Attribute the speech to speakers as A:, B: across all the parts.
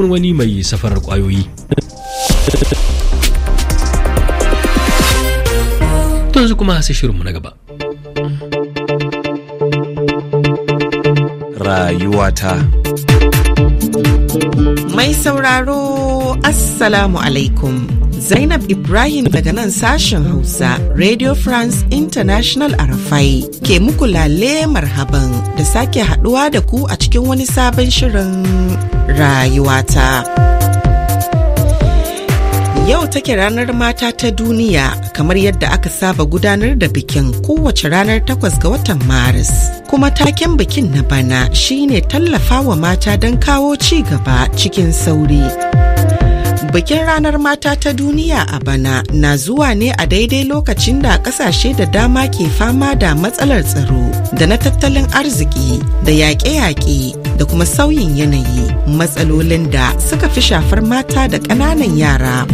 A: wani mai safarar kwayoyi. yanzu kuma sai shirinmu na gaba.
B: Rayuwata
C: Mai sauraro Assalamu alaikum. Zainab Ibrahim daga nan sashen Hausa Radio France International a ke muku lale marhaban da sake haduwa da ku a cikin wani sabon shirin rayuwata. Yau take ranar mata ta duniya kamar yadda aka saba gudanar da bikin kowace ranar takwas ga watan Maris. Kuma taken bikin na bana shine tallafawa mata don kawo ci gaba cikin sauri. Bikin ranar mata ta duniya a bana na zuwa ne a daidai lokacin da kasashe da dama ke fama da matsalar tsaro da na tattalin arziki da yaƙe-yaƙe da kuma sauyin yanayi matsalolin da suka fi shafar mata da ƙananan yara.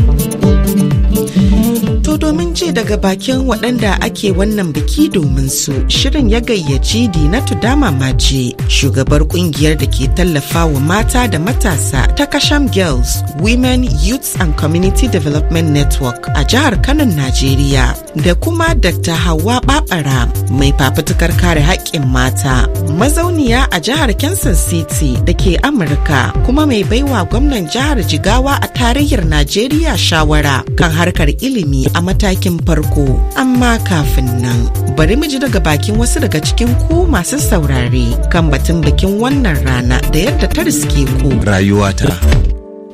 C: To domin ji daga bakin waɗanda ake wannan biki domin su shirin ya gayyaci Dinatu Dama mace shugabar kungiyar da ke tallafa wa mata da matasa ta Kasham Girls, Women, Youths and Community Development Network a jihar Kano, Najeriya, da kuma Dr. Hawa Babara mai fafutukar kare haƙƙin mata, mazauniya a jihar Kansas City da ke Amurka, kuma mai baiwa gwamnan jihar Jigawa a tarihir Najeriya shawara kan harkar ilimi a matakin farko amma kafin nan bari mu ji daga bakin wasu daga cikin ku masu saurare kan batun bikin wannan rana da yadda ta riske ku
B: rayuwata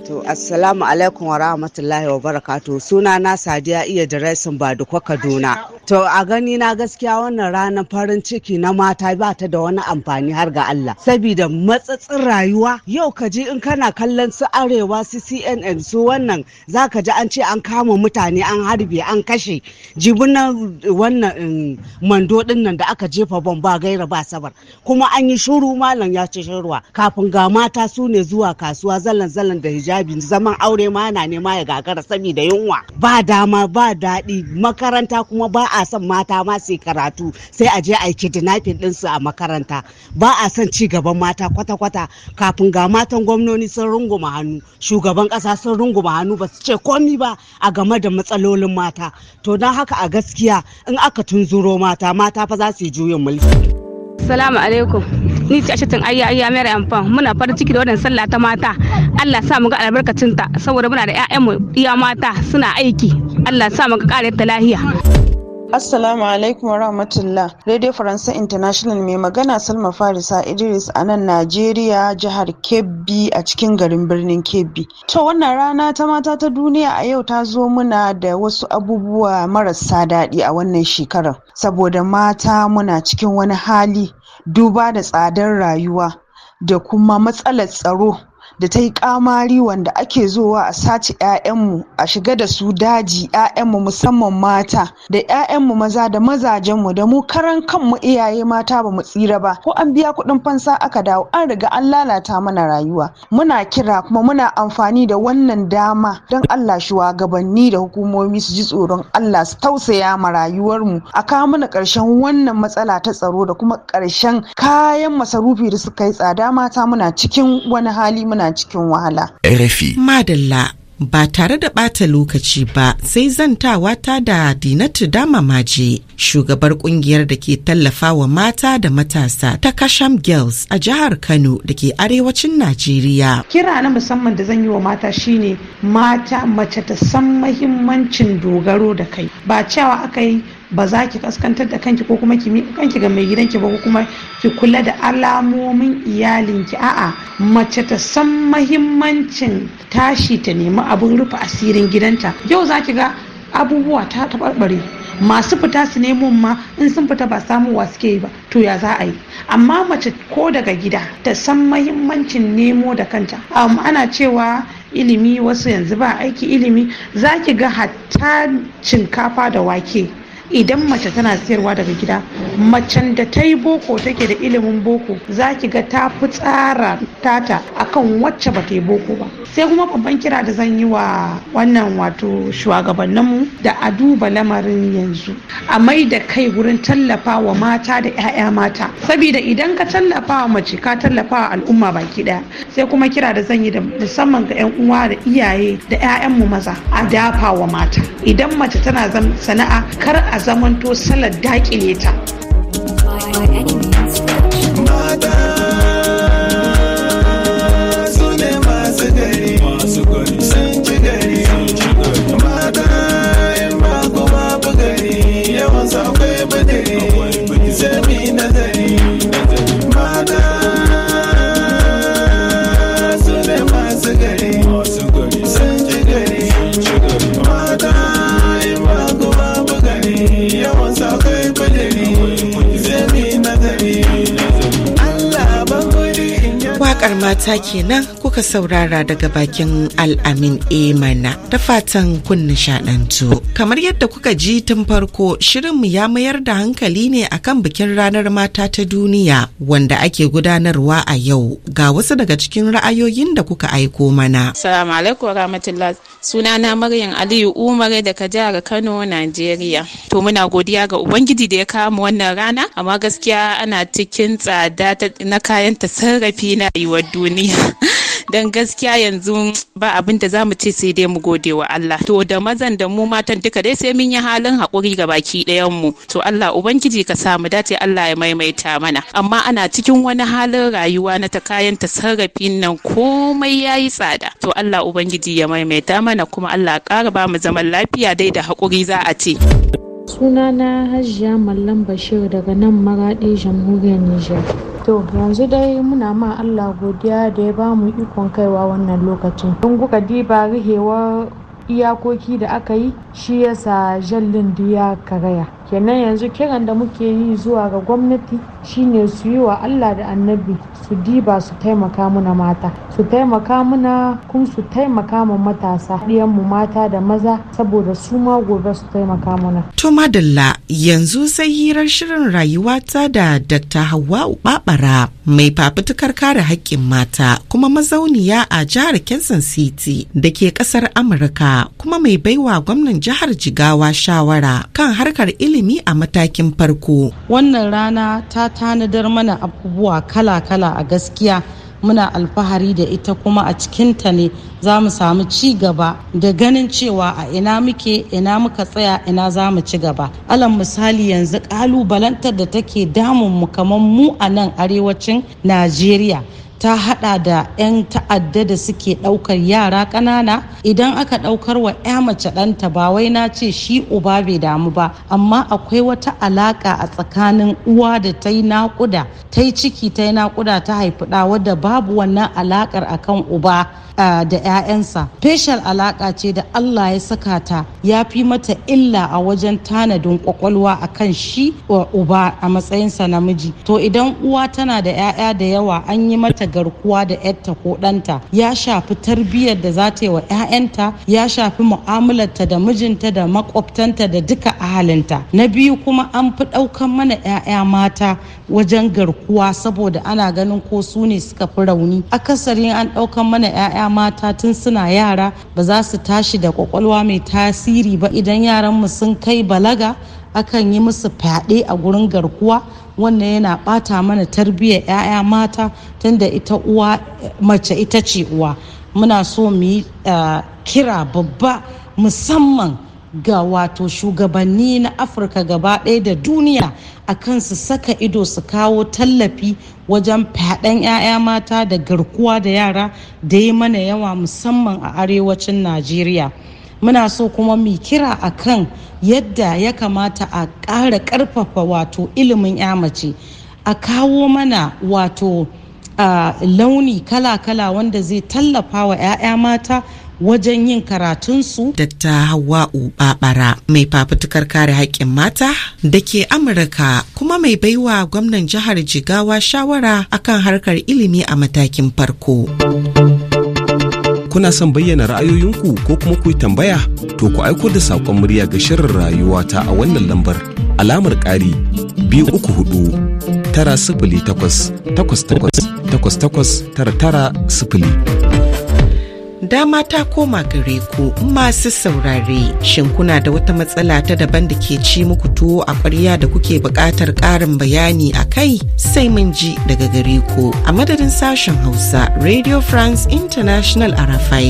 B: To assalamu alaikum wa rahmatullahi wa barakatu sunana sadiya iya diresin ba Kaduna. To a gani na gaskiya wannan ranar farin ciki na mata ba ta da wani amfani har ga Allah. Sabida matsatsin rayuwa yau ka ji in kana kallon su arewa su CNN su wannan za ka ji an ce an kama mutane an harbe an kashe jibunan wannan um, mando din nan da aka jefa bomba ba gaira ba sabar. Kuma an yi shuru malam ya ce shirwa kafin ga mata su ne zuwa kasuwa zallan zallan da hijabi zaman aure ma na nema ya gagara sabida yunwa ba dama ba daɗi makaranta kuma ba a son mata ma su karatu sai a je a yi kidnapping ɗinsu a makaranta ba a son ci gaban mata kwata-kwata kafin ga matan gwamnoni sun runguma hannu shugaban ƙasa sun runguma hannu ba su ce komi ba a game da matsalolin mata to don haka a gaskiya in aka tunzuro mata mata fa za su yi juyin mulki.
D: Salamu alaikum. Ni ce ashatin ayya ayya mera amfan muna farin ciki da wannan sallah ta mata. Allah sa mu ga albarkacin ta saboda muna da ƴaƴanmu iya mata suna aiki. Allah sa mu ga ƙarin ta
A: lahiya. Assalamu alaikum wa rahmatullah. Radio Faransa International mai magana Salma Farisa Idris a nan Najeriya jihar Kebbi a cikin garin birnin Kebbi. To wannan rana ta mata ta duniya a yau ta zo muna da wasu abubuwa marasa daɗi a wannan shekarar. Saboda mata muna cikin wani hali duba da tsadar rayuwa da kuma matsalar tsaro da ta yi kamari wanda ake zowa a sace 'ya'yanmu a shiga da su daji 'ya'yanmu musamman mata da 'ya'yanmu maza da mazajenmu da mu karan kanmu iyaye mata ba mu tsira ba ko an biya kuɗin fansa aka dawo an riga an lalata mana rayuwa muna kira kuma muna amfani da wannan dama don Allah shugabanni da hukumomi su ji tsoron Allah su tausaya ma rayuwarmu a kawo mana ƙarshen wannan matsala ta tsaro da kuma ƙarshen kayan masarufi da suka yi tsada mata muna cikin wani hali muna suna cikin wahala.
C: RFI. Madalla ba tare da ɓata lokaci ba sai zantawa ta da dinatu dama maje shugabar kungiyar da ke tallafa wa mata da matasa ta kasham girls a jihar kano da ke arewacin najeriya
D: kira na musamman da zan yi wa mata shine mata mace ta san mahimmancin dogaro da kai ba cewa aka yi ba za ki kaskantar da kanki ko kuma ki miƙa kanki ga mai gidanki ba ko kuma ki kula da alamomin iyalinki a'a mace ta san mahimmancin tashi ta nemi abin rufe asirin gidanta yau za ki ga abubuwa ta taɓarɓare masu fita su nemo ma in sun fita ba samuwa suke yi ba to ya za a yi amma mace ko daga gida ta san mahimmancin nemo da kanta um, ana cewa ilimi wasu yanzu ba aiki ilimi za ki ga hatta cinkafa da wake idan mace tana siyarwa daga gida macen da ta yi boko take da ilimin boko za ki ga ta fi tsara tata akan wacce ba ta yi boko ba sai kuma babban kira da zan yi wa wannan wato shugabanninmu da a duba lamarin yanzu a mai da kai wurin tallafa wa mata da 'ya'ya mata saboda idan ka tallafa wa mace ka tallafa wa al'umma baki daya sai kuma kira da zan yi da musamman ga 'yan uwa da iyaye da 'ya'yanmu maza a dafa wa mata idan mace tana sana'a kar a zamanto salar daƙile ta.
C: mata kenan kuka saurara daga bakin al'amin emana ta fatan kun nishadantu. Kamar yadda kuka ji tun farko shirinmu ya mayar da hankali ne akan bikin ranar mata ta duniya wanda ake gudanarwa a yau ga wasu daga cikin ra'ayoyin da kuka aiko mana. Salamu alaikum rahmatullah sunana Maryam Aliyu Umar daga jihar Kano, Najeriya. To muna godiya ga Ubangiji da ya kama wannan rana amma gaskiya ana cikin tsada na kayan tasarrafi na rayuwar duniya. don gaskiya yanzu ba abin da zamu ce sai dai mu gode wa Allah to da mazan da mu matan duka dai sai mun yi halin hakuri ga baki ɗayan mu to Allah ubangiji ka sa mu dace Allah ya maimaita mana amma ana cikin wani halin rayuwa na ta kayan ta tasarrafin nan komai yayi tsada to Allah ubangiji ya maimaita mana kuma Allah ƙara ba mu zaman lafiya dai da hakuri za a ce
A: sunana hajiya mallam bashir daga nan maraɗi jamhuriyar nijar To yanzu dai muna ma Allah godiya da ya ba mu ikon kaiwa wannan lokacin. Don kuka diba rihewar iyakoki da aka yi shi yasa jallin ya karaya. kenan yanzu kiran da muke yi zuwa ga gwamnati shine su yi wa allah da annabi su diba su taimaka mana mata su taimaka mana kuma su taimaka ma matasa mu mata da maza saboda su ma gobe su taimaka mana.
C: to madalla yanzu sai hirar shirin rayuwa ta da dr hawa babara mai fafutukar kare haƙƙin mata kuma mazauniya a jihar kensan city da ke ƙasar amurka kuma mai baiwa gwamnan jihar jigawa shawara kan harkar ilimi ilimi a matakin farko.
E: Wannan rana ta tanadar mana abubuwa kala-kala a gaskiya muna alfahari da ita kuma a cikinta ne za mu samu ci gaba da ganin cewa a ina muke ina muka tsaya ina za mu ci gaba Alan misali yanzu kalubalantar da take damun mu kamar mu a nan arewacin najeriya ta haɗa da 'yan ta'adda da suke ɗaukar yara ƙanana? idan aka ɗaukar wa 'ya mace ɗanta ba wai na ce shi uba bai damu ba amma akwai wata alaƙa a tsakanin uwa da ta yi nakuda ta yi ciki ta yi nakuda ta haifi ɗa wadda babu wannan alakar akan uba da 'ya'yansa facial alaƙa ce da allah ya saka ta ya fi mata illa a wajen tanadin ƙwaƙwalwa a kan shi wa uba a matsayinsa namiji to idan uwa tana da 'ya'ya da yawa an yi mata ta garkuwa da yarta ko ɗanta ya shafi tarbiyyar da za ta yi wa 'ya'yanta ya shafi mu'amalarta da mijinta da makwabtanta da duka ahalinta na biyu kuma an fi ɗaukan mana 'ya'ya mata wajen garkuwa saboda ana ganin ko su ne suka fi rauni akasari an ɗaukan mana 'ya'ya mata tun suna yara ba za su tashi da kwakwalwa mai tasiri ba idan yaran mu sun kai balaga akan yi musu fyaɗe a gurin garkuwa wannan yana bata mana tarbiyyar 'ya'ya mata tunda ita uwa mace ita ce uwa muna so mu yi eh, kira babba musamman ga wato shugabanni na afirka gaba ɗaya da duniya a kan su saka ido su kawo tallafi wajen fyaɗen 'ya'ya mata da garkuwa da yara da yi mana yawa musamman a arewacin najeriya muna so kuma mu kira a kan yadda ya kamata a ƙara ƙarfafa wato ilimin ya mace a kawo mana wato a launi kala-kala wanda zai tallafa wa 'ya'ya mata wajen yin karatunsu.
C: Dakta Hawa'u Babara mai fafutukar kare haƙƙin mata da ke Amurka kuma mai baiwa gwamnan jihar Jigawa shawara akan harkar ilimi a matakin farko.
A: kuna son bayyana ra'ayoyinku ko kuma ku yi tambaya to ku aiko da saƙon murya ga shirin rayuwa ta a wannan lambar alamar ƙari biyu uku hudu tara sifili takwas takwas takwas takwas takwas tara tara sifili.
C: dama ta koma gare ku masu saurare shin kuna da wata matsala ta daban da ke ci muku tuwo a ƙwarya da kuke buƙatar ƙarin bayani a kai sai mun ji
E: daga gare ku a madadin sashen hausa radio france international arafai